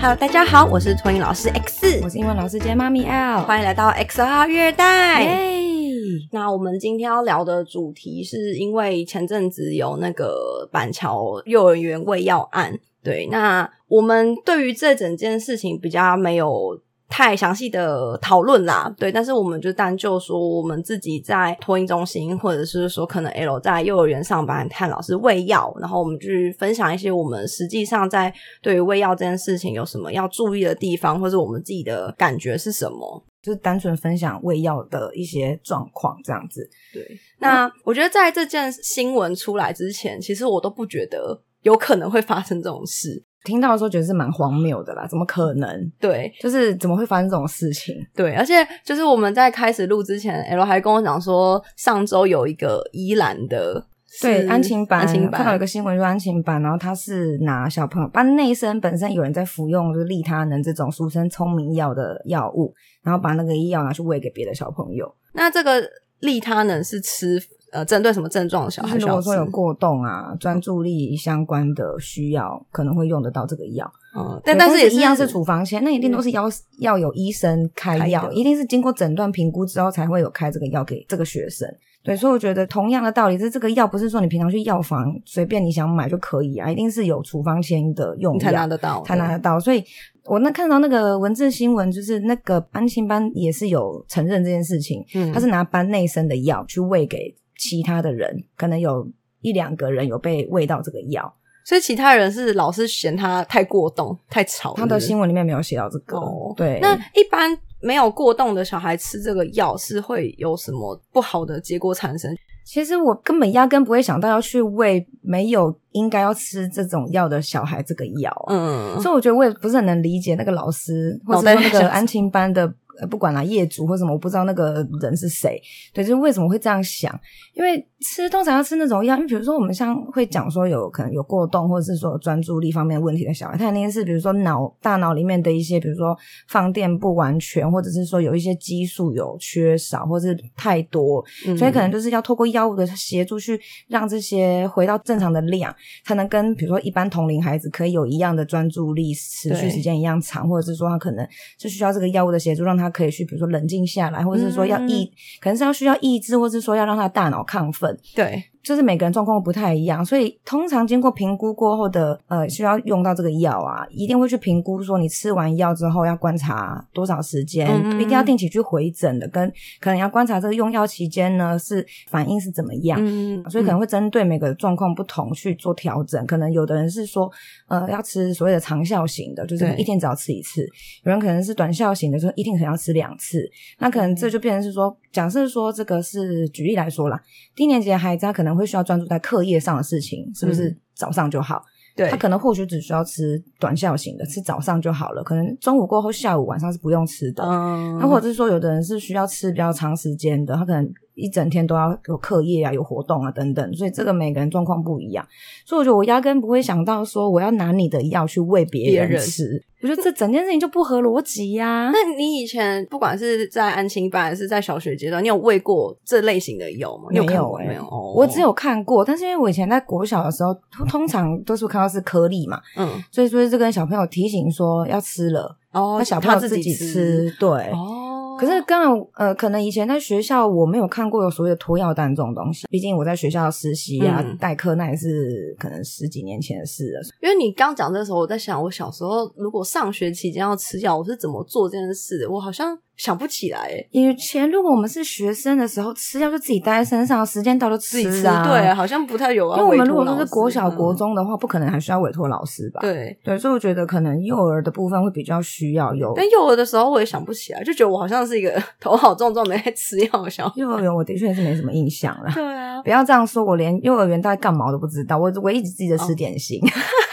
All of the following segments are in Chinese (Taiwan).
哈嘍，大家好，我是托尼老師 X，我是英文老師兼媽咪 L，歡迎來到 XL 育袋。Hey! 那我們今天要聊的主題是因為前陣子有那個板橋幼兒園餵藥案，對，那我們對於這整件事情比較沒有。太詳細的討論啦，對，但是我們就單就說我們自己在托嬰中心，或者是說可能 L 在幼兒園上班，看老師餵藥，然後我們去分享一些我們實際上在對於餵藥這件事情有什麼要注意的地方，或是我們自己的感覺是什麼，就是單純分享餵藥的一些狀況這樣子。對，那、嗯、我覺得在這件新聞出來之前，其實我都不覺得有可能會發生這種事。聽到的時候覺得是蠻荒謬的啦，怎麼可能？對，就是怎麼會發生這種事情？對，而且就是我們在開始錄之前，L 還跟我講說，上周有一個宜蘭的對，安親班看到有個新聞，說安親班，然後他是拿小朋友班內生本身有人在服用就是利他能這種俗稱聰明藥的藥物，然後把那個醫藥拿去餵給別的小朋友。那這個利他能是吃？呃，針對什麼症狀的小孩？如果說有過動啊、嗯、專注力相關的需要，可能會用得到這個藥。嗯，但、嗯、但是也，是也是一樣是處方簽，那一定都是要、嗯、要有醫生開藥，一定是經過診斷評估之後才會有開這個藥給這個學生。對，所以我覺得同樣的道理，就是這個藥不是說你平常去藥房隨便你想買就可以啊，一定是有處方簽的用藥你才拿得到，才拿得到。所以我那看到那個文字新聞，就是那個安心班也是有承認這件事情，他、嗯、是拿班內生的藥去餵給。其他的人可能有一兩個人有被餵到這個藥，所以其他人是老是嫌他太過動，太吵。他的新聞裡面沒有寫到這個哦。對，那一般沒有過動的小孩吃這個藥是會有什麼不好的結果產生？其實我根本壓根不會想到要去餵沒有應該要吃這種藥的小孩這個藥啊。嗯，所以我覺得我也不是很能理解那個老師或者那個安親班的，哦。 不管啦、啊，業主或什麼，我不知道那個人是誰？對，就是為什麼會這樣想？因為吃通常要吃那種藥，因為比如說我們像會講說有可能有過動，或者是說專注力方面的問題的小孩，他肯定是比如說腦大腦裡面的一些，比如說放電不完全，或者是說有一些激素有缺少，或者是太多，所以可能就是要透過藥物的協助去讓這些回到正常的量，才能跟比如說一般同齡孩子可以有一樣的專注力，持續時間一樣長，或者是說他可能就需要這個藥物的協助讓他。可以去，比如說冷靜下來，或者是說要抑，嗯、可能是要需要抑制，或是說要讓他大腦亢奮，對。就是每個人狀況不太一樣，所以通常經過評估過後的，呃，需要用到這個藥啊，一定會去評估說你吃完藥之後要觀察多少時間，嗯嗯，一定要定期去回診的，跟可能要觀察這個用藥期間呢是反應是怎麼樣嗯嗯嗯，所以可能會針對每個狀況不同去做調整。可能有的人是說，呃，要吃所謂的長效型的，就是一天只要吃一次；有人可能是短效型的，就一天可能要吃兩次。那可能這就變成是說，嗯、假設說這個是舉例來說啦，低年級的孩子他可能。可能會需要專注在課業上的事情，是不是早上就好？嗯、對。他可能或許只需要吃短效型的，吃早上就好了。可能中午過後、下午、晚上是不用吃的。嗯。那或者是說，有的人是需要吃比較長時間的，他可能。一整天都要有課業啊，有活動啊等等，所以這個每個人狀況不一樣，所以我覺得我壓根不會想到說我要拿你的藥去餵別人吃。人我覺得這整件事情就不合邏輯呀。那你以前不管是在安親班還是在小學階段，你有餵過這類型的藥嗎？沒有。你有有沒有，沒有，我只有看過。哦，但是因為我以前在國小的時候，通常都是看到是顆粒嘛，嗯，所以說是跟小朋友提醒說要吃了，哦，那小朋友自己吃，己吃對，哦。可是，剛剛呃，可能以前在學校，我沒有看過有所謂的託藥單這種東西。畢竟我在學校實習啊、嗯、代課，那也是可能十幾年前的事了。因為你剛講這時候，我在想，我小時候如果上學期間要吃藥，我是怎麼做這件事的？我好像。想不起來、欸，以前如果我們是學生的時候，嗯、吃藥就自己帶在身上，嗯、時間到了吃一吃啊。自己吃，對啊，好像不太有啊。因為我們如果都是國小、國中的話、嗯，不可能還需要委託老師吧？對對，所以我覺得可能幼兒的部分會比較需要有、嗯。但幼兒的時候我也想不起來，就覺得我好像是一個頭好重，重的在吃藥，的小孩。幼兒園我的確是沒什麼印象啦。 對啊，不要這樣說，我連幼兒園大概幹嘛都不知道。我我一直記得吃點心。哦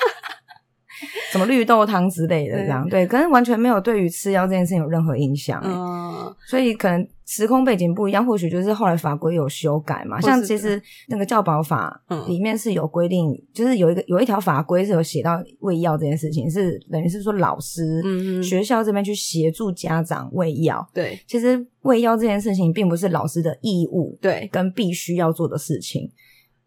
什麼綠豆湯之類的，這樣、嗯、對，可是完全沒有對於吃藥這件事情有任何印象、呃，所以可能時空背景不一樣，或許就是後來法規有修改嘛。像其實那個教保法裡面是有規定，嗯、就是有一個有一條法規是有寫到餵藥這件事情，是等於是說老師、嗯、學校這邊去協助家長餵藥。對，其實餵藥這件事情並不是老師的義務，對，跟必須要做的事情。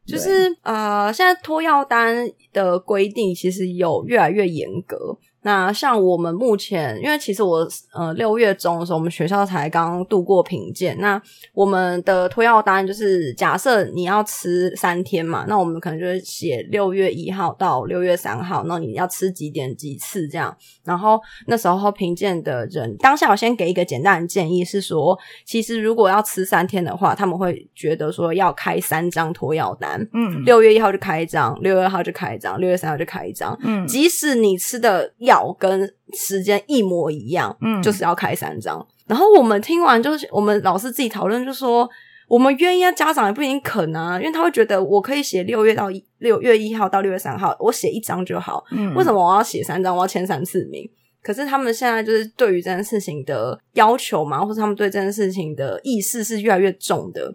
就是呃，現在托藥單的規定其實有越來越嚴格。那像我們目前，因為其實我呃六月中的時候，我們學校才剛度過評鑑。那我們的托藥單就是假設你要吃三天嘛，那我們可能就寫六月一號到六月三號，那你要吃幾點幾次這樣。然後那時候評鑑的人，當下我先給一個簡單的建議是說，其實如果要吃三天的話，他們會覺得說要開三張托藥單。嗯，六月一號就開一張，六月二號就開一張，六月三號就開一張。嗯，即使你吃的藥。跟時間一模一樣，嗯，就是要開三張。然後我們聽完就，就是我們老師自己討論，就說我們願意啊，家長也不一定肯啊，因為他會覺得我可以寫六月到一，六月一號到六月三號，我寫一張就好。嗯，為什麼我要寫三張，我要簽三次名？可是他們現在就是對於這件事情的。要求嘛，或者他們對這件事情的意識是越來越重的。嗯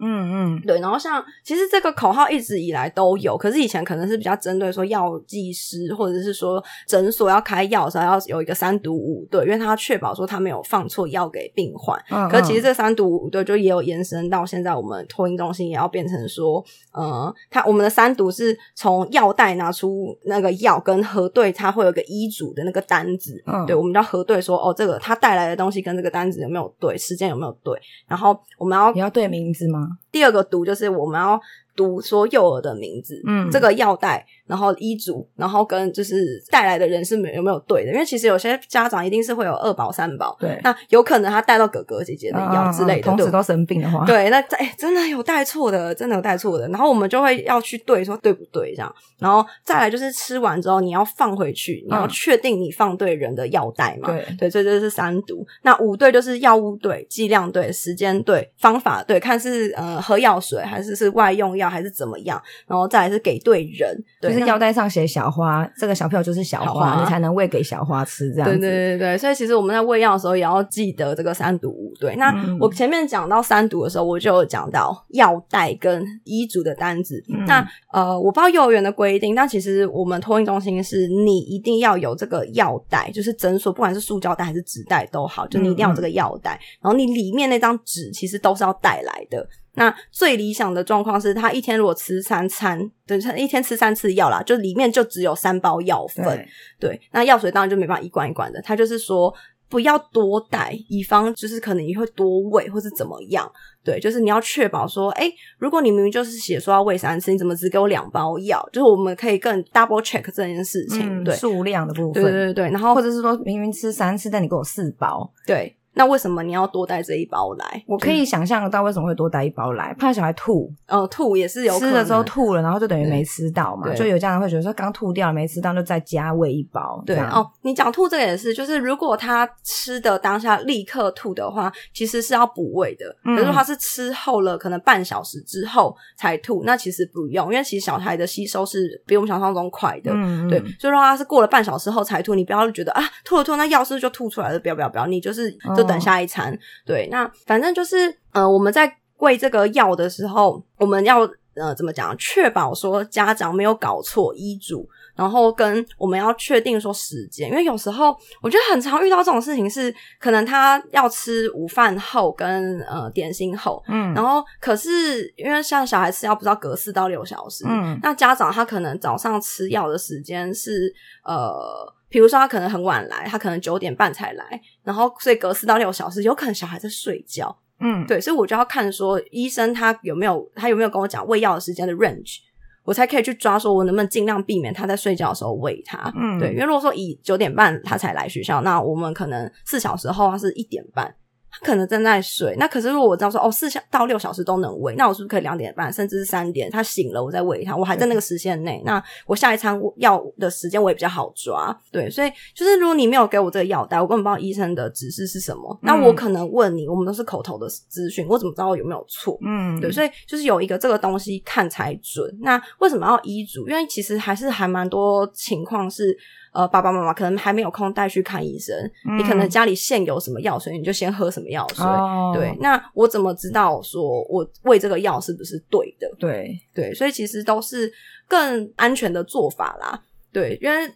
嗯，對。然後像其實這個口號一直以來都有，可是以前可能是比較針對說藥劑師或者是說診所要開藥的時候要有一個三讀五對，因為他要確保說他沒有放錯藥給病患。嗯、可是其實這三讀五對就也有延伸到現在，我們托嬰中心也要變成說，呃、嗯，他我們的三讀是從藥袋拿出那個藥跟核對，它會有一個醫囑的那個單子。嗯，對，我們要核對說哦，這個他帶來的東西跟這個單子有沒有對，時間有沒有對？然後我們要，你要對名字嗎？第二個讀就是我們要，讀說幼兒的名字，嗯，這個藥袋，然後醫囑，然後跟就是帶來的人是沒有有沒有對的？因為其實有些家長一定是會有二寶三寶，對，那有可能他帶到哥哥姐姐的藥之類的，啊啊啊啊同時都生病的話，對，那哎、欸，真的有帶錯的，真的有帶錯的，然後我們就會要去對說對不對這樣，然後再來就是吃完之後你要放回去，你、嗯、要確定你放對人的藥袋嘛？對，對，這就是三讀，那五對就是藥物對、劑量對、時間對、方法對，看是呃喝藥水還是是外用藥。還是怎麼樣？然後再來是給對人，就是藥袋上寫小花，這個小票就是小花，啊，你才能餵給小花吃。這樣對對對，對，所以其實我們在餵藥的時候也要記得這個三讀五對。那我前面講到三讀的時候，我就有講到藥袋跟醫囑的單子。嗯、那呃，我不知道幼兒園的規定，但其實我們託嬰中心是你一定要有這個藥袋，就是診所不管是塑膠袋還是紙袋都好，就你一定要有這個藥袋、嗯，然後你裡面那張紙其實都是要帶來的。那最理想的狀況是，他一天如果吃三餐，等一下一天吃三次藥啦，就裡面就只有三包藥粉。對，那藥水當然就沒辦法一罐一罐的，他就是說不要多帶，以防就是可能你會多餵或是怎麼樣。對，就是你要確保說，哎、欸，如果你明明就是寫說要餵三次，你怎麼只給我兩包藥？就是我們可以更 double check 這件事情，對。嗯，數量的部分，對對對，對。然後或者是說明明吃三次，但你給我四包，對。那為什麼你要多帶這一包來？我可以想象得到為什麼會多帶一包來，怕小孩吐。呃、嗯，吐也是有可。吃了之後吐了，然後就等於沒吃到嘛。就有家長會覺得說，剛吐掉了沒吃到，就再加餵一包。對哦，你講吐這個也是，就是如果他吃的當下立刻吐的話，其實是要補餵的。比如說他是吃後了，可能半小時之後才吐、嗯，那其實不用，因為其實小孩的吸收是比我們想象中快的。嗯嗯，對，所以說他是過了半小時後才吐，你不要覺得啊，吐了吐了那藥是不是就吐出來了？不要不要不要，你就是就、嗯。等下一餐，對，那反正就是，呃，我們在喂這個藥的時候，我們要，呃，怎麼講，確保說家長沒有搞錯醫囑，然後跟我們要確定說時間，因為有時候我覺得很常遇到這種事情是，是可能他要吃午飯後跟呃點心後，嗯，然後可是因為像小孩吃藥，不知道隔四到六小時，嗯，那家長他可能早上吃藥的時間是，呃。比如說他可能很晚來，他可能九點半才來，然後所以隔四到六小時，有可能小孩在睡覺，嗯，對，所以我就要看說醫生他有沒有，他有沒有跟我講餵藥的時間的 range，我才可以去抓說我能不能儘量避免他在睡覺的時候餵他，嗯，對，因為如果說以九點半他才來學校，那我們可能四小時後他是一點半。他可能正在睡，那可是如果我知道說哦，四小到六小時都能餵，那我是不是可以兩點半甚至是三點，他醒了我再餵他，我還在那個時限內，那我下一餐藥的時間我也比較好抓，對，所以就是如果你沒有給我這個藥單，我根本不知道醫生的指示是什麼，嗯、那我可能問你，我們都是口頭的資訊，我怎麼知道我有沒有錯？嗯，對，所以就是有一個這個東西看才準。那為什麼要醫囑？因為其實還是還蠻多情況是。呃，爸爸媽媽可能還沒有空帶去看醫生，你、嗯、可能家裡現有什麼藥，所以你就先喝什麼藥水、哦。對，那我怎麼知道說我餵這個藥是不是對的？對對，所以其實都是更安全的做法啦。對，因為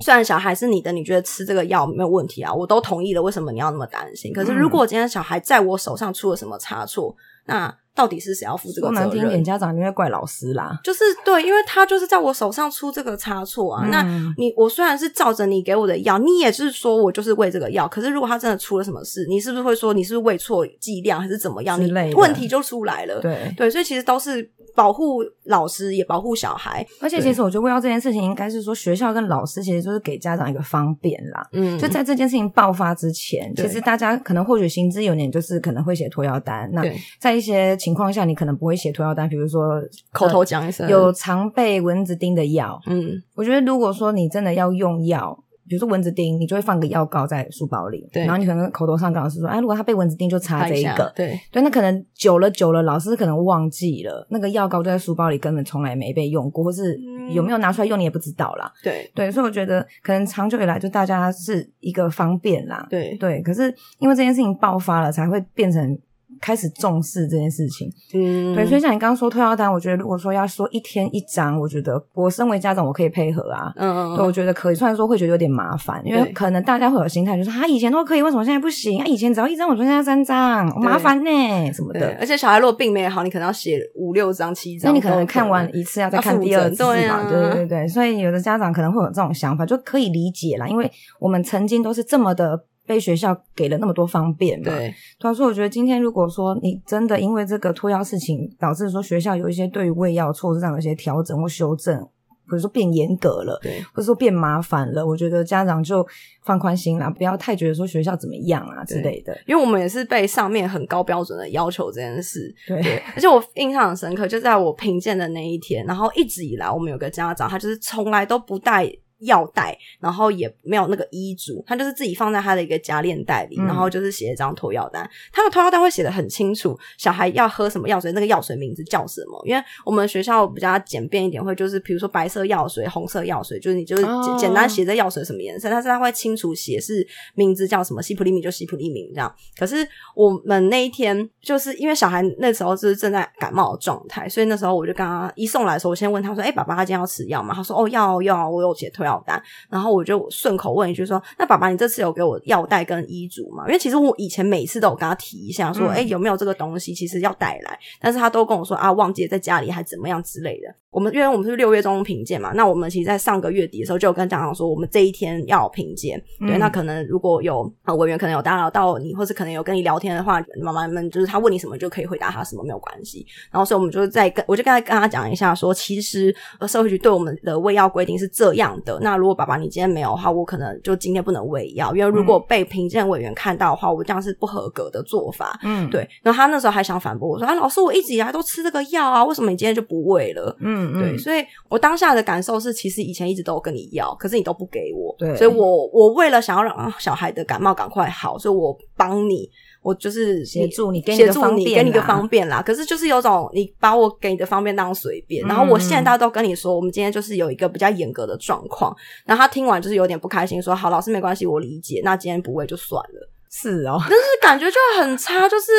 雖然小孩是你的，你覺得吃這個藥沒有問題啊，我都同意了，為什麼你要那麼擔心？可是如果今天小孩在我手上出了什麼差錯，嗯、那。到底是誰要負這個責任？說難聽點，家長因為怪老師啦，就是對，因為他就是在我手上出這個差錯啊，嗯。那你我雖然是照着你給我的藥，你也是說我就是餵這個藥，可是如果他真的出了什麼事，你是不是會說你是餵錯劑量還是怎麼樣？你問題就出來了。對對，所以其實都是保護老師也保護小孩，而且其實我覺得餵藥這件事情應該是說學校跟老師其實就是給家長一個方便啦。嗯，就在這件事情爆發之前，其實大家可能或許行之有年就是可能會寫託藥單對。那在一些。情況下，你可能不會寫託藥單，比如說口頭講一聲。有常備蚊子叮的藥，嗯，我覺得如果說你真的要用藥，比如說蚊子叮，你就會放個藥膏在書包裡，對。然後你可能口頭上跟老師說，哎，如果他被蚊子叮，就擦這一個，一對對。那可能久了久了，老師可能忘記了，那個藥膏就在書包裡，根本從來沒被用過，或是有沒有拿出來用，你也不知道啦。對、嗯、對，所以我覺得可能長久以來，就大家是一個方便啦，對對。可是因為這件事情爆發了，才會變成。開始重視這件事情，嗯，對，所以像你剛剛說託藥單，我覺得如果說要說一天一張，我覺得我身為家長，我可以配合啊。嗯嗯，我覺得可以。雖然說會覺得有點麻煩，因為可能大家會有心態，就是他，啊，以前都可以，為什麼現在不行？啊，以前只要一張，我說現在要三張，哦，麻煩呢，什麼的。而且小孩如果病沒好，你可能要寫五六張、七張。那你可能看完一次要再看第二次嘛？對，啊，對，對對對。所以有的家長可能會有這種想法，就可以理解啦，因為我們曾經都是這麼的。被學校給了那麼多方便嘛？對。所以我覺得今天如果說你真的因為這個託藥事情，導致說學校有一些對於餵藥措施上有一些調整或修正，或者說變嚴格了，對，或者說變麻煩了，我覺得家長就放寬心啦，不要太覺得說學校怎麼樣啊之類的。因為我們也是被上面很高標準的要求這件事。對。而且我印象很深刻，就在我評鑑的那一天，然後一直以來我們有個家長，他就是從來都不帶。藥袋，然後也沒有那個醫囑，他就是自己放在他的一個夾鏈袋裡，嗯，然後就是寫一張託藥單。他的託藥單會寫的很清楚，小孩要喝什麼藥水，那個藥水名字叫什麼。因為我們學校比較簡便一點，會就是比如說白色藥水、紅色藥水，就是你就是簡、哦、簡單寫這藥水什麼顏色，但是他會清楚寫是名字叫什麼，西普利明就西普利明這樣。可是我們那一天就是因為小孩那時候就是正在感冒的狀態，所以那時候我就剛剛一送來的時候，我先問他說：“哎，爸爸，他今天要吃藥嗎？”他說：“哦，要要，我有解退。”藥單，然後我就順口問一句說：“那爸爸，你這次有給我藥袋跟醫囑嗎？”因為其實我以前每次都有跟他提一下說：“嗯、哎，有沒有這個東西？其實要帶來。”但是他都跟我說：“啊，忘記在家裡還怎麼樣之類的。”我們因為我們是六月中評鑑嘛，那我們其實在上個月底的時候就有跟家長說，我們這一天要評鑑、嗯，對，那可能如果有呃，委員可能有打擾到你，或是可能有跟你聊天的話，媽媽們就是他問你什麼就可以回答他什麼，沒有關係。然後所以我們就是在跟我就剛才跟他講一下說，其實呃，社會局對我們的餵藥規定是這樣的。那如果爸爸你今天沒有的話，我可能就今天不能餵藥，因為如果被評鑑委員看到的話，我這樣是不合格的做法。嗯，對。然後他那時候還想反駁我說啊，老師，我一直以來都吃這個藥啊，為什麼你今天就不餵了？」嗯。對，所以我當下的感受是，其實以前一直都跟你要，可是你都不給我。對，所以我我為了想要讓、啊、小孩的感冒趕快好，所以我幫你，我就是協助你，你，協助你給你個方便啦。可是就是有種你把我給你的方便當隨便，然後我現在大家都跟你說，我們今天就是有一個比較嚴格的狀況。然後他聽完就是有點不開心，說：“好，老師沒關係，我理解，那今天不餵就算了。”是哦，但是感覺就很差，就是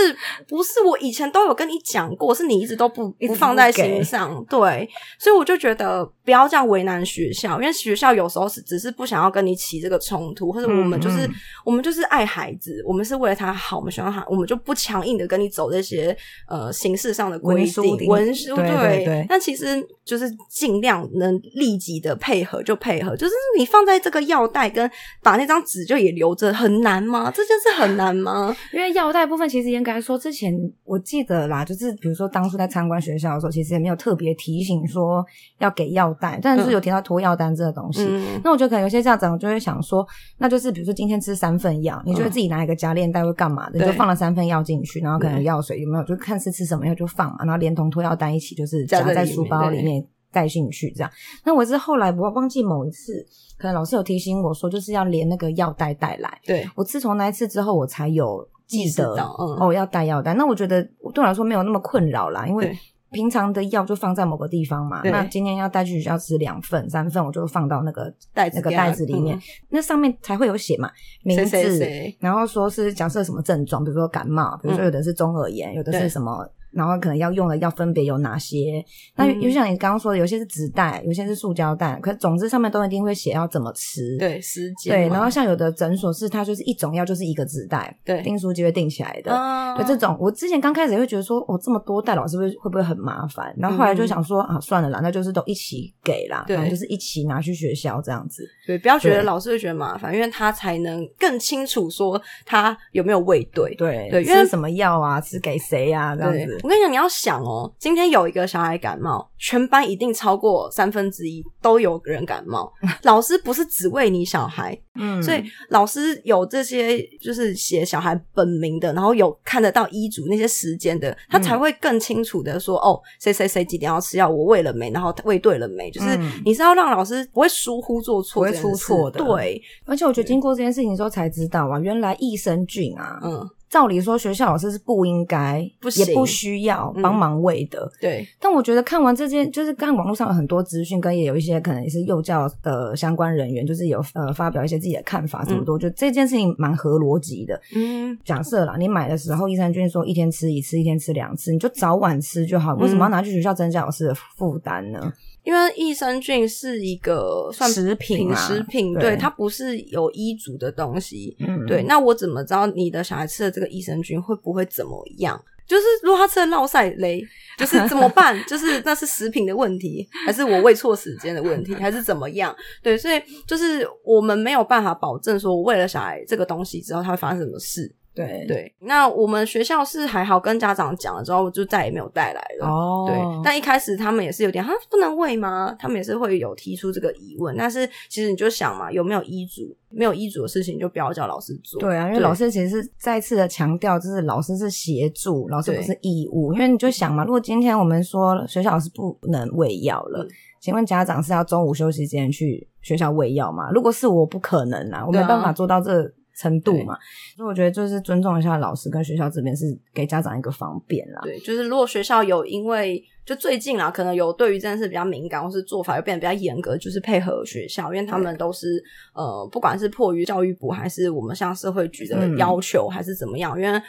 不是我以前都有跟你講過，是你一直都不不放在心上，對，所以我就覺得不要這樣為難學校，因為學校有時候是只是不想要跟你起這個衝突，或者我們就是嗯嗯，我們就是愛孩子，我們是為了他好，我們喜歡他，我們就不強硬的跟你走這些呃形式上的規定，文書，文書對，對，對，對，但其實就是儘量能立即的配合就配合，就是你放在這個藥袋跟把那張紙就也留着，很難嗎？這就。這是很難嗎？因為藥袋部分其實應該說，之前我記得啦，就是比如說當初在參觀學校的時候，其實也沒有特別提醒說要給藥袋，但是,是有提到託藥單這個東西、嗯。那我覺得可能有些家長就會想說，那就是比如說今天吃三份藥，嗯、你就會自己拿一個夾鏈袋會幹嘛、嗯？你就放了三份藥進去，然後可能藥水有沒有？就看是吃什麼藥就放嘛、啊，然後連同託藥單一起就是夾在書包裡面。帶進去這樣，那我是後來我忘記某一次，可能老師有提醒我說，就是要連那個藥袋帶來。對，我自從那一次之後，我才有記得、嗯、哦，要帶藥袋。那我覺得對我來說沒有那麼困擾啦，因為平常的藥就放在某個地方嘛。那今天要帶去學校吃兩份、三份，我就放到那個袋子、那個袋子裡面、嗯，那上面才會有寫嘛，名字誰誰誰，然後說是假設什麼症狀，比如說感冒，比如說有的是中耳炎，嗯、有的是什麼。然後可能要用的藥分別有哪些？那就像你剛剛說的，有些是紙袋，有些是塑膠袋。可是總之上面都一定會寫要怎麼吃。對，時間。對，然後像有的診所是它就是一種藥就是一個紙袋，對，訂書機會訂起來的、啊。對，這種我之前剛開始也會覺得說，哦，這麼多袋老師是不是會不會很麻煩？然後後來就想說、嗯，啊，算了啦，那就是都一起給啦，對，然後就是一起拿去學校這樣子。對，不要覺得老師會覺得麻煩，因為他才能更清楚說他有沒有餵對，對，對吃什麼藥啊，吃給誰啊，這樣子。對我跟你講，你要想哦，今天有一個小孩感冒，全班一定超過三分之一都有人感冒。老師不是只餵你小孩， 嗯，所以老師有這些就是寫小孩本名的，然後有看得到醫囑那些時間的，他才會更清楚的說、嗯、哦，誰誰誰幾點要吃藥，我餵了沒，然後餵對了沒、嗯，就是你是要讓老師不會疏忽做錯，不會出錯的。對，而且我覺得經過這件事情之後才知道啊，原來益生菌啊，嗯。照理說，學校老師是不應該，不也不需要幫忙餵的、嗯。對。但我覺得看完這件，就是看網絡上有很多資訊，跟也有一些可能也是幼教的、呃、相關人員，就是有呃發表一些自己的看法，這麼多、嗯，就這件事情蠻合邏輯的。嗯。假設啦，你買的時候，醫生建議說一天吃一次，一天吃兩次，你就早晚吃就好。為什麼要拿去學校增加老師的負擔呢？嗯因為益生菌是一個算食品，食品啊、食品、對、對，它不是有醫囑的東西嗯嗯，對。那我怎麼知道你的小孩吃了這個益生菌會不會怎麼樣？就是如果他吃了落賽咧，就是怎麼辦？ 就是那是食品的問題，還是我餵錯時間的問題， 還是怎麼樣？對，所以就是我們沒有辦法保證說，我餵了小孩這個東西之後他會發生什麼事。對對，那我們學校是還好，跟家長講了之後，就再也沒有帶來了。哦，對，但一開始他們也是有點，他、啊、不能餵嗎？他們也是會有提出這個疑問。但是其實你就想嘛，有沒有醫囑？沒有醫囑的事情，就不要叫老師做。對啊，因為老師其實是再次的強調，就是老師是協助，老師不是義務。因為你就想嘛，如果今天我們說學校老師不能餵藥了、嗯，請問家長是要中午休息時間去學校餵藥嗎？如果是，我不可能啦、啊。我沒有辦法做到這程度嘛，所以我覺得就是尊重一下老師跟學校這邊，是給家長一個方便啦。對，就是如果學校有因為就最近啊，可能有對於這件事比較敏感，或是做法又變得比較嚴格，就是配合學校，因為他們都是呃，不管是迫於教育部，還是我們像社會局的要求，嗯、還是怎麼樣，因為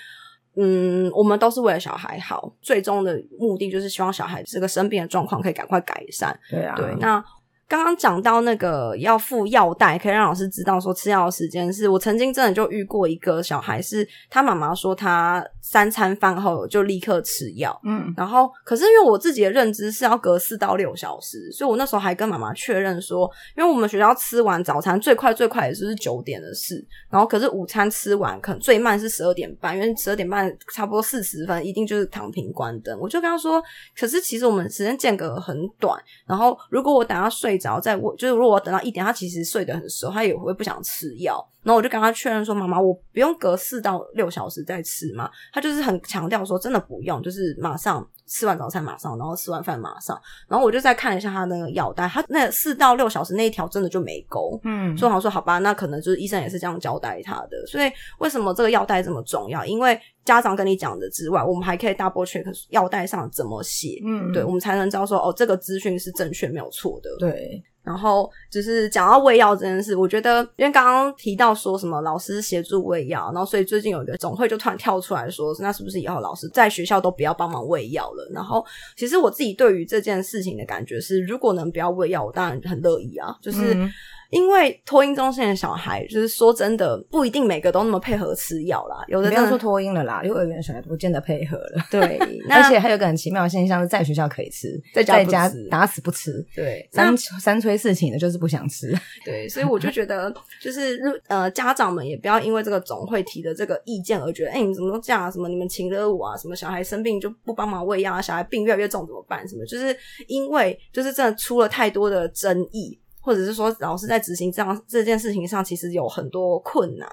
嗯，我們都是為了小孩好，最終的目的就是希望小孩這個生病的狀況可以趕快改善。對啊，對那。剛剛講到那個要付藥袋，可以讓老師知道說吃藥的時間是，我曾經真的就遇過一個小孩，是他媽媽說他三餐飯後就立刻吃藥，嗯，然後可是因為我自己的認知是要隔四到六小時，所以我那時候還跟媽媽確認說，因為我們學校吃完早餐最快最快也就是九點的事，然後可是午餐吃完可能最慢是十二點半，因為十二點半差不多四十分一定就是躺平關燈。我就跟他說，可是其實我們時間間隔很短，然後如果我等下睡，只要在我，就是如果我等到一點，他其實睡得很熟，他也會不想吃藥。然後我就跟他確認說：“媽媽，我不用隔四到六小時再吃嗎？”他就是很強調說：“真的不用，就是馬上吃完早餐馬上，然後吃完飯馬上。”然後我就再看一下他的藥袋，他那四到六小時那一條真的就沒勾。嗯，說好說：“好吧，那可能就是醫生也是這樣交代他的。”所以為什麼這個藥袋這麼重要？因為家長跟你講的之外，我們還可以 double check 藥袋上怎麼寫，嗯，嗯，對，我們才能知道說，哦，這個資訊是正確沒有錯的。對，然後就是講到餵藥這件事，我覺得因為剛剛提到說什麼老師協助餵藥，然後所以最近有一個總會就突然跳出來說，那是不是以後老師在學校都不要幫忙餵藥了？然後其實我自己對於這件事情的感覺是，如果能不要餵藥，我當然很樂意啊，就是。嗯因為托嬰中心的小孩，就是說真的不一定每個都那麼配合吃藥啦。有的不說托嬰了啦，幼兒園小孩不見得配合了。對，那而且還有個很奇妙的現象是在學校可以吃，在家不吃，在家打死不吃。對，三三催四請的，就是不想吃。對，所以我就覺得，就是呃，家長們也不要因為這個總會提的這個意見而覺得，誒、 欸、你怎麼都這樣、啊？什麼你們請了我啊？什麼小孩生病就不幫忙餵藥？小孩病越來越重怎麼辦？什麼？就是因為就是真的出了太多的爭議。或者是說老師在執行這樣這件事情上，其實有很多困難，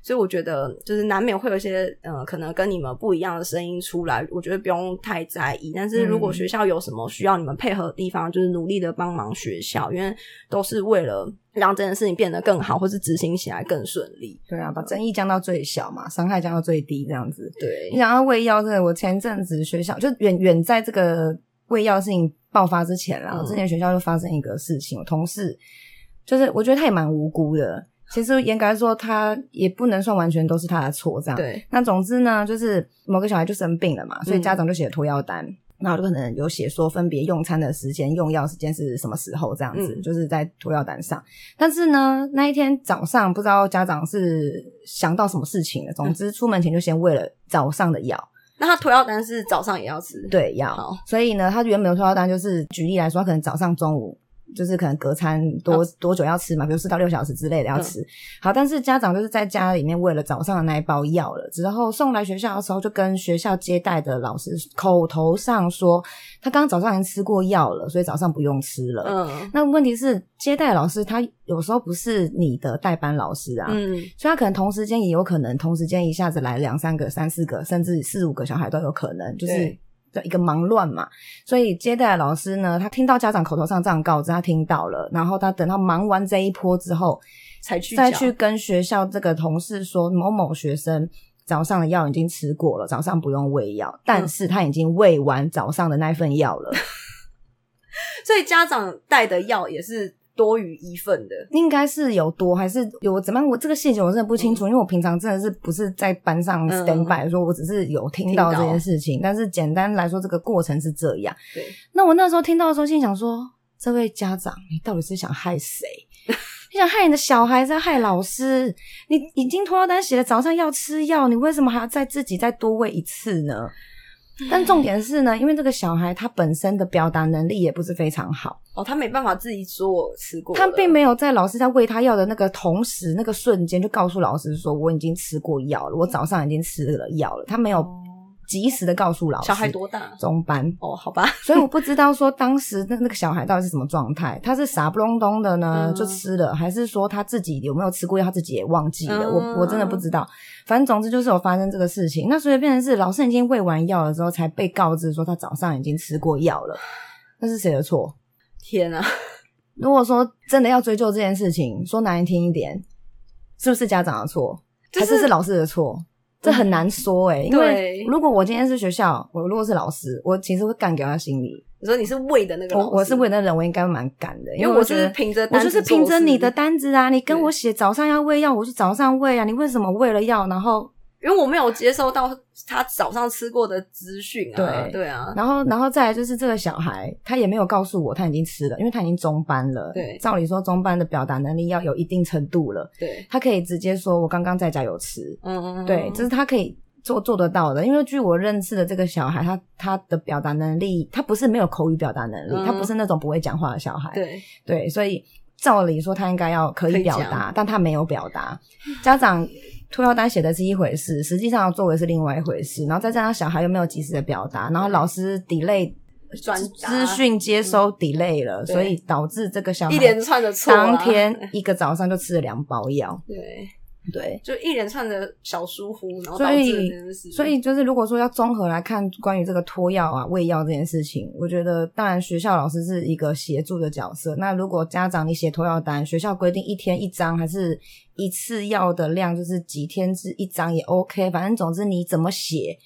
所以我覺得就是難免會有一些呃，可能跟你們不一樣的聲音出來，我覺得不用太在意。但是如果學校有什麼需要你們配合的地方，嗯、就是努力的幫忙學校，因為都是為了讓這件事情變得更好，或是執行起來更順利。對啊，把爭議降到最小嘛，傷害降到最低，這樣子。對，對你想要餵藥這個，我前陣子學校就遠遠在這個餵藥的事情，爆發之前啦，我之前學校就發生一個事情，我、嗯、同事就是我覺得他也蠻無辜的。其實嚴格來說，他也不能算完全都是他的錯，這樣。對。那總之呢，就是某個小孩就生病了嘛，所以家長就寫了託藥單，然、嗯、後就可能有寫說分別用餐的時間、用藥時間是什麼時候這樣子，嗯、就是在託藥單上。但是呢，那一天早上不知道家長是想到什麼事情了，總之出門前就先喂了早上的藥。那他託藥單是早上也要吃，對，要。所以呢，他原本的託藥單就是，舉例來說，可能早上、中午。就是可能隔餐多、哦、多久要吃嘛，比如四到六小時之類的要吃，嗯。好，但是家長就是在家裡面餵了早上的那一包藥了，之後送來學校的時候，就跟學校接待的老師口頭上說，他剛剛早上已經吃過藥了，所以早上不用吃了。嗯，那問題是接待的老師他有時候不是你的代班老師啊，嗯，所以他可能同時間也有可能同時間一下子來兩三個、三四個，甚至四五個小孩都有可能，就是。在一個忙亂嘛，所以接待老師呢，他聽到家長口頭上這樣告知，他聽到了，然後他等到忙完這一波之後，才去再去跟學校這個同事說，某某學生早上的藥已經吃過了，早上不用餵藥，嗯、但是他已經餵完早上的那份藥了， 所以家長帶的藥也是。多於一份的，應該是有多還是有怎麼樣？我這個細節我真的不清楚、嗯，因為我平常真的是不是在班上 stand by 說嗯嗯，我只是有聽到這件事情。但是簡單來說，這個過程是這樣。那我那時候聽到的時候，心想說：這位家長，你到底是想害誰？ 你想害你的小孩，還害老師？你已經託藥單寫了，早上要吃藥，你為什麼還要再自己再多餵一次呢？但重點是呢，因為這個小孩他本身的表達能力也不是非常好哦，他沒辦法自己做，吃過。他並沒有在老師在餵他藥的那個同時，那個瞬間就告訴老師說，我已經吃過藥了，我早上已經吃了藥了，嗯。他沒有。及時的告訴老師，小孩多大？中班哦，好吧。 所以我不知道說當時的那個小孩到底是什麼狀態，他是傻不隆咚的呢、嗯啊，就吃了，還是說他自己有沒有吃過藥，他自己也忘記了。嗯啊、我我真的不知道、嗯啊。反正總之就是有發生這個事情，那所以變成是老師已經餵完藥了之後，才被告知說他早上已經吃過藥了。那是誰的錯？天啊！如果說真的要追究這件事情，說難聽一點，是不是家長的錯，還是是老師的錯？這很難說哎、欸，因為如果我今天是學校，我如果是老師，我其實會幹掉他心裡。你說你是餵的那個老師，我我我是餵的人，我應該蠻幹的，因為我，因為我是憑着，我就是憑着你的單子啊，你跟我寫早上要餵藥，我是早上餵啊，你為什麼餵了藥，然後？因為我沒有接收到他早上吃過的資訊啊，對對啊，然後然後再來就是這個小孩，他也沒有告訴我他已經吃了，因為他已經中班了。對，照理說中班的表達能力要有一定程度了，對，他可以直接說“我剛剛在家有吃”，嗯嗯，對，就是他可以做做得到的，因為據我認識的這個小孩，他他的表達能力，他不是沒有口語表達能力，嗯、他不是那種不會講話的小孩，對對，所以照理說他應該要可以表達，但他沒有表達，家長。 託藥單寫的是一回事，實際上的作為是另外一回事。然後再加上小孩又沒有及時的表達，然後老師 delay 轉資訊接收 delay 了，所以導致這個小孩一連串的錯。當天一個早上就吃了兩包藥。對。對，就一連串的小疏忽，然後所以所以就是，如果說要綜合來看關於這個託藥啊、餵藥這件事情，我覺得當然學校老師是一個協助的角色。那如果家長你寫託藥單，學校規定一天一張，還是一次藥的量就是幾天之一張也 OK，反正總之你怎麼寫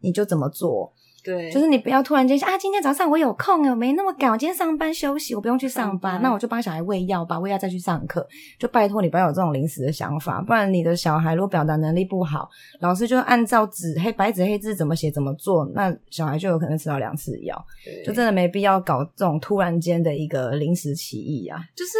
你就怎麼做。對，就是你不要突然間想啊，今天早上我有空哦，我沒那麼趕，我今天上班休息，我不用去上班，上班，那我就幫小孩餵藥吧，餵藥再去上課，就拜托你不要有這種臨時的想法，不然你的小孩如果表達能力不好，老師就按照紙黑白紙黑字怎麼寫怎麼做，那小孩就有可能吃到兩次藥，對，就真的沒必要搞這種突然間的一個臨時起意啊，就是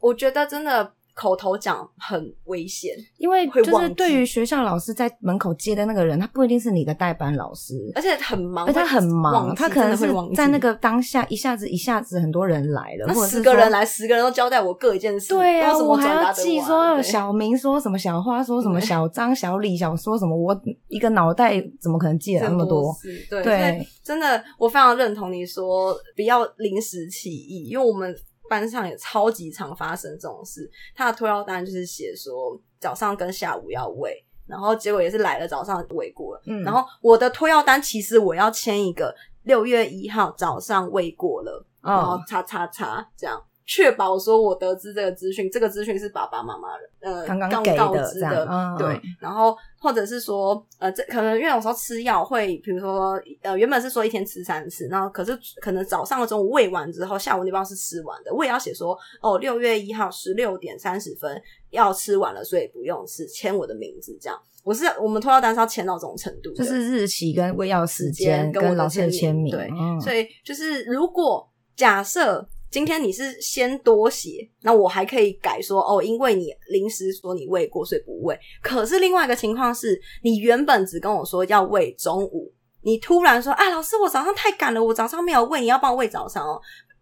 我覺得真的。口頭講很危險，因為就是對於學校老師在門口接的那個人，他不一定是你的代班老師，而且很忙，他很忙，他可能是在那個當下一下子一下子很多人來了，那十個人來，十個人都交代我各一件事，對呀、啊，我還要記說小明說什麼，小花說什麼，小張小李想說什麼，我一個腦袋怎麼可能記得那麼多？對，對，真的，我非常認同你說不要臨時起意，因為我們。班上也超級常發生這種事，他的托藥單就是寫說早上跟下午要餵，然後結果也是來了早上餵過了。嗯、然後我的托藥單其實我要簽一個六月一號早上餵過了。嗯、然後叉、叉叉叉這樣。確保說，我得知這個資訊，這個資訊是爸爸媽媽呃剛剛，給剛告知的、嗯，對。然後或者是說，呃，這可能因為我有時候吃藥會，比如說，說，呃，原本是說一天吃三次，然後可是可能早上的中午餵完之後，下午那不是吃完的，我也要寫說，哦，六月一號十六點三十分藥吃完了，所以不用吃，簽我的名字這樣。我是我們託藥單上要簽到這種程度，就是日期跟餵藥時間，時間跟，跟老，我的老師簽名、嗯，對。所以就是如果假設。今天你是先多寫，那我還可以改說哦，因為你臨時說你餵過，所以不餵。可是另外一個情況是，你原本只跟我說要餵中午，你突然說啊、哎，老師，我早上太趕了，我早上沒有餵，你要幫我餵早上哦，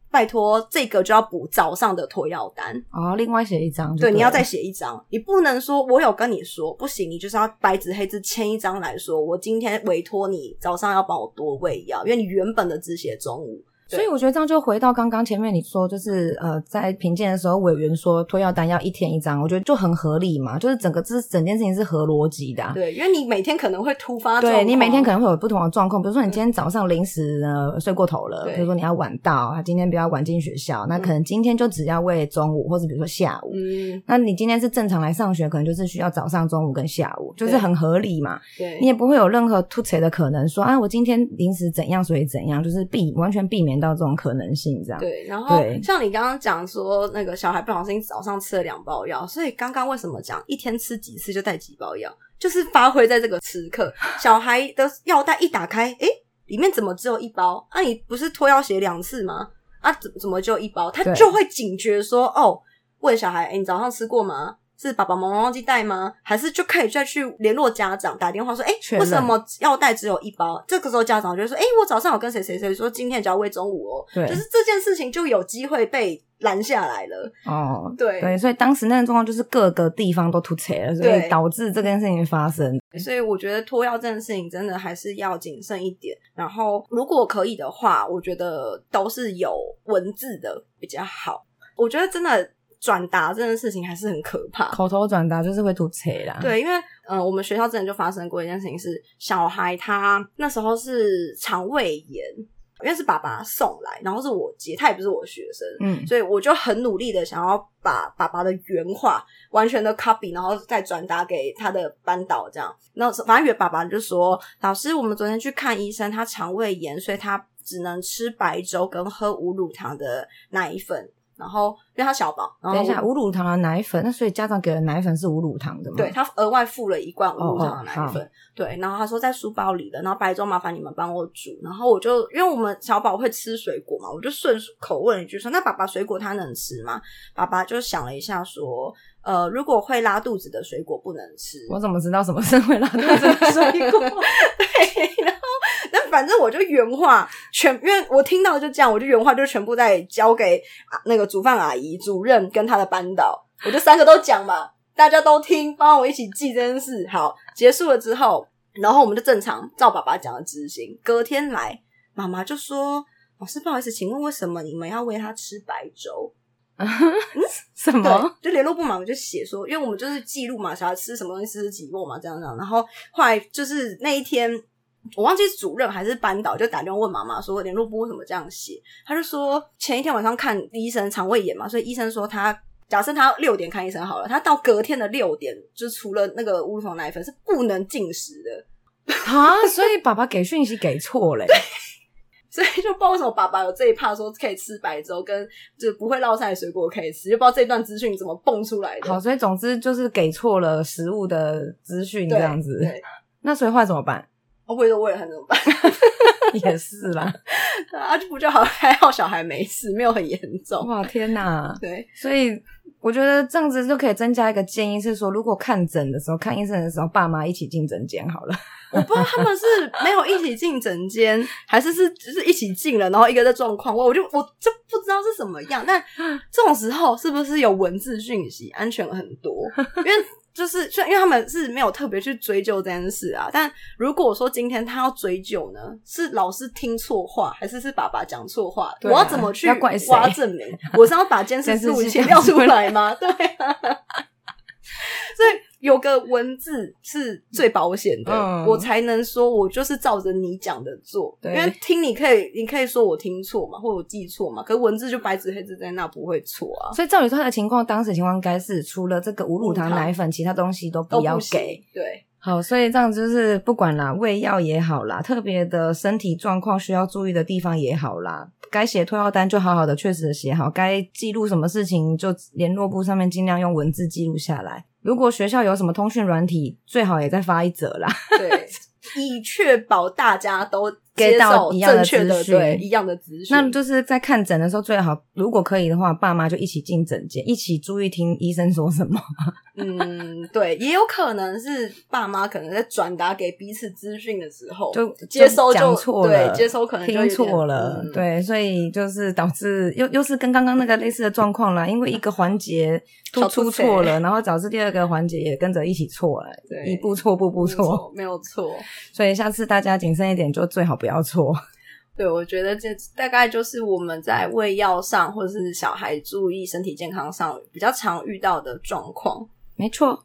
拜託，這個就要補早上的托藥單啊、哦，另外寫一張。對，你要再寫一張，你不能說我有跟你說不行，你就是要白紙黑字簽一張來說，我今天委托你早上要幫我多餵藥，因為你原本的只寫中午。所以我覺得這樣就回到剛剛前面你說，就是呃，在評鑑的時候，委員說託藥單要一天一張，我覺得就很合理嘛，就是整個這整件事情是合邏輯的、啊。對，因為你每天可能會突發對，對你每天可能會有不同的狀況、嗯，比如說你今天早上臨時呃睡過頭了，比如說你要晚到，今天比較晚進學校，那可能今天就只要為中午或者比如說下午。嗯。那你今天是正常來上學，可能就是需要早上、中午跟下午，就是很合理嘛。對。對你也不會有任何突兀的可能說，說啊，我今天臨時怎樣，所以怎樣，就是避完全避免到這種可能性，這樣對。然後像你剛剛講說，那個小孩不小心早上吃了兩包藥，所以剛剛為什麼講一天吃幾次就帶幾包藥，就是發揮在這個時刻，小孩的藥袋一打開，誒、欸，裡面怎麼只有一包？那、啊、你不是託藥寫兩次嗎？啊，怎麼就一包？他就會警覺說，哦，問小孩、欸，你早上吃過嗎？是爸爸媽媽忘記帶嗎？還是就可以再去聯絡家長打電話說，哎，為什麼藥袋只有一包？這個時候家長就說，哎，我早上有跟誰誰誰說今天只要餵中午哦。對，就是這件事情就有機會被攔下來了。哦，對對，所以當時那個狀況就是各個地方都吐槽了，所以導致這件事情發生。所以我覺得託藥這件事情真的還是要謹慎一點。然後如果可以的話，我覺得都是有文字的比較好。我覺得真的。轉達這件事情還是很可怕。口頭轉達就是會凸槌啦。對，因為嗯、呃，我們學校之前就發生過一件事情是，是小孩他那時候是腸胃炎，因為是爸爸送來，然後是我接，他也不是我學生，嗯，所以我就很努力的想要把爸爸的原話完全的 copy，然後再轉達給他的班導這樣。那反正原爸爸就說：“老師，我們昨天去看醫生，他腸胃炎，所以他只能吃白粥跟喝無乳，乳糖的奶粉。”然後，因為他小寶，然後等一下無乳糖的奶粉，那所以家長給的奶粉是無乳糖的嘛？對，他額外付了一罐無乳糖的奶粉。Oh, oh, oh. 對，然後他說在書包裡的，然後白粥麻煩你們幫我煮，然後我就因為我們小寶會吃水果嘛，我就順口問一句說：“那爸爸水果他能吃嗎？”爸爸就想了一下說：“呃，如果會拉肚子的水果不能吃，我怎麼知道什麼是會拉肚子的水果？” 對反正我就原話全，因為我聽到就這樣，我就原話就全部在交給、啊、那個煮飯阿姨、主任跟他的班導，我就三個都講嘛，大家都聽，幫我一起記這件事。好，結束了之後，然後我們就正常照爸爸講的執行。隔天來，媽媽就說：“老師，不好意思，請問為什麼你們要餵他吃白粥？” 嗯、什麼？就聯絡不滿，我就寫說，因為我們就是記錄嘛，小孩吃什麼東西，吃吃幾落嘛，這樣這樣。然後後來就是那一天。我忘記主任還是班導，就打電話問媽媽說：“聯絡簿為什麼這樣寫？”他就說：“前一天晚上看醫生腸胃炎嘛，所以醫生說他假設他六點看醫生好了，他到隔天的六點，就除了那個無乳糖奶粉是不能進食的啊，所以爸爸給訊息給錯嘞 ，所以就不知道為什麼爸爸有這一趴說可以吃白粥跟就不會烙菜的水果可以吃，就不知道這段資訊怎麼蹦出來的。好，所以總之就是給錯了食物的資訊這樣子，對對，那所以後來怎麼辦？哦、我不會說為了很怎麼辦？ 也是啦， 啊，就不就好還好小孩沒事，沒有很嚴重。哇天哪！對，所以我覺得這樣子就可以增加一個建議是說，如果看診的時候看醫生的時候，爸媽一起進診間好了。 我不知道他們是沒有一起進診間， 還是是只是一起進了，然後一個在狀況我就我就不知道是什麼樣。但這種時候是不是有文字訊息安全很多？ 因為。就是，雖然因為他們是沒有特別去追究這件事啊，但如果我說今天他要追究呢，是老師聽錯話，還是是爸爸講錯話？我要怎麼去挖證明？我是要把監視器調出來嗎？對，所以。有個文字是最保險的、嗯，我才能說，我就是照着你講的做，嗯。因為聽你可以，你可以說我聽錯嘛，或者我記錯嘛。可是文字就白紙黑字在那，不會錯啊。所以照理說他的情況，當時情況應該是，除了這個無乳糖奶粉糖，其他東西都不要給。哦，對。好，所以這樣子就是不管啦，餵藥也好啦，特別的身體狀況需要注意的地方也好啦，該寫退藥單就好好的，確實寫好，該記錄什麼事情就聯絡簿上面盡量用文字記錄下來。如果學校有什麼通訊軟體，最好也再發一則啦，對， 以確保大家都，接,受接到正確的資訊，對，一樣的資訊。那就是在看診的時候，最好如果可以的話，爸媽就一起進診間，一起注意聽醫生說什麼。嗯，對， 也有可能是爸媽可能在轉達給彼此資訊的時候，就,就,就接收就錯了，對接收可能聽錯了、嗯。對，所以就是導致又又是跟剛剛那個類似的狀況啦，因為一個環節都出錯了，然後導致第二個環節也跟着一起錯了、欸，一步錯步步錯，沒有錯。所以下次大家謹慎一點，就最好別。不要錯，對我覺得這大概就是我們在餵藥上，或者是小孩注意身體健康上比較常遇到的狀況。沒錯，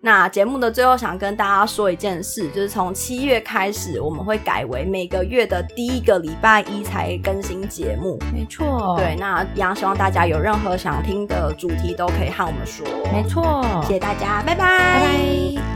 那節目的最後想跟大家說一件事，就是從七月開始，我們會改為每個月的第一個禮拜一才更新節目。沒錯，對，那一樣希望大家有任何想聽的主題都可以和我們說哦。沒錯，謝謝大家，拜拜，拜拜。